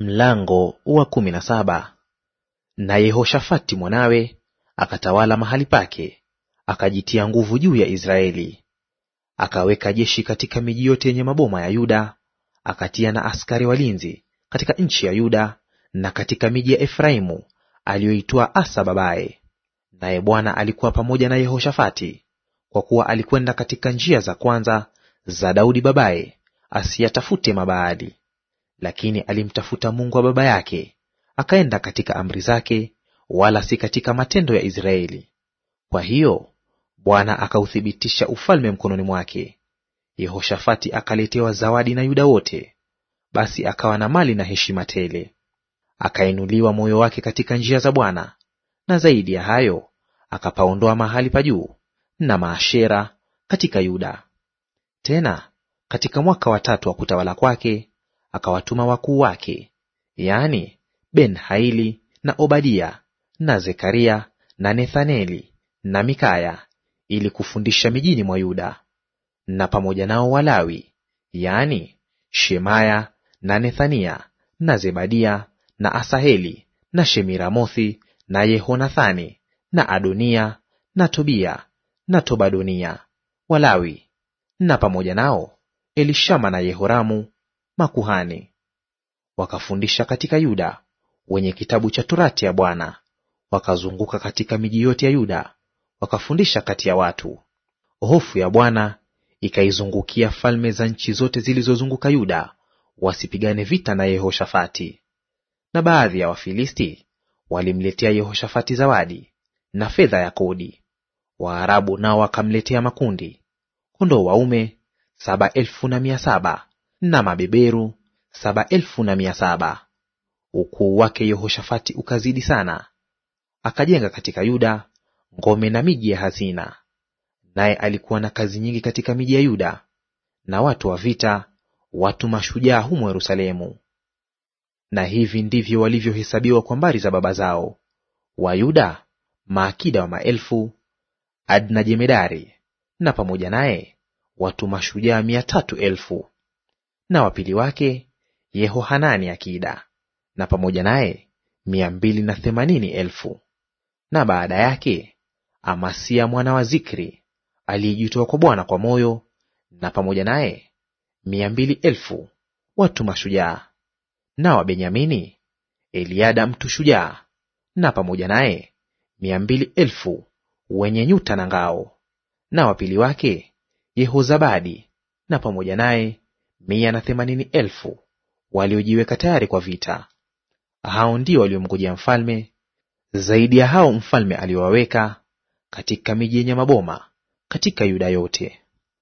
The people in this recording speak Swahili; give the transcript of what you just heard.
Mlango wa kumi na saba. Na Yehoshafati mwanawe akatawala mahali pake, akajitia nguvu juu ya Israeli. Akaweka jeshi katika miji yote yenye maboma ya Yuda, akatia na askari walinzi katika nchi ya Yuda na katika miji ya Efraimu aliyoitwa Asa babaye. Naye Bwana alikuwa pamoja na Yehoshafati, kwa kuwa alikwenda katika njia za kwanza za Daudi babaye, asiyatafute Mabaali. Lakini alimtafuta Mungu wa baba yake, akaenda katika amri zake, wala si katika matendo ya Israeli. Kwa hiyo Bwana akauthibitisha ufalme mkononi mwake. Yehoshafati akaletewa zawadi na Yuda wote, basi akawa na mali na heshima tele. Akainuliwa moyo wake katika njia za Bwana, na zaidi ya hayo akapaondoa mahali pa juu na maashera katika Yuda. Tena katika mwaka wa tatu wa kutawala kwake akawatuma wakuu wake, yaani Ben-Haili na Obadia na Zekaria na Nethaneli na Mikaya, ili kufundisha mijini mwa Yuda, na pamoja nao Walawi, yaani Shemaya na Nethania na Zebadia na Asaheli na Shemiramothi na Yehonathani na Adonia na Tobia na Tobadonia Walawi, na pamoja nao Elishama na Yehoramu makuhani. Wakafundisha katika Yuda wenye kitabu cha torati ya Bwana, wakazunguka katika miji yote ya Yuda, wakafundisha kati ya watu. Hofu ya Bwana ikaizungukia falme za nchi zote zilizozunguka Yuda, wasipigane vita na Yehoshafati. Na baadhi ya Wafilisti walimletea Yehoshafati zawadi na fedha ya kodi. Waarabu nao wakamletea makundi kondoo waume saba elfu na mia saba na mabeberu saba elfu na mia saba. Ukuu wake Yehoshafati ukazidi sana, akajenga katika Yuda ngome na miji ya hazina. Naye alikuwa na kazi nyingi katika miji ya Yuda na watu wa vita, watu mashujaa humo Yerusalemu. Na hivi ndivyo walivyohesabiwa kwa mbari za baba zao: Wayuda maakida wa maelfu, Adna jemedari, na pamoja naye watu mashujaa mia tatu elfu na wapili wake Yehohanani akida, na pamoja naye mia mbili na themanini elfu. Na baada yake Amasia mwana wa Zikri aliyejitoa kwa Bwana kwa moyo, na pamoja naye mia mbili elfu watu mashujaa. Na wa Benyamini Eliada mtu shujaa, na pamoja naye mia mbili elfu wenye nyuta na ngao. Na wapili wake Yehozabadi, na pamoja naye mia na themanini elfu waliojiweka tayari kwa vita. Hao ndio waliomngojea mfalme, zaidi ya hao mfalme aliowaweka katika miji yenye maboma katika Yuda yote.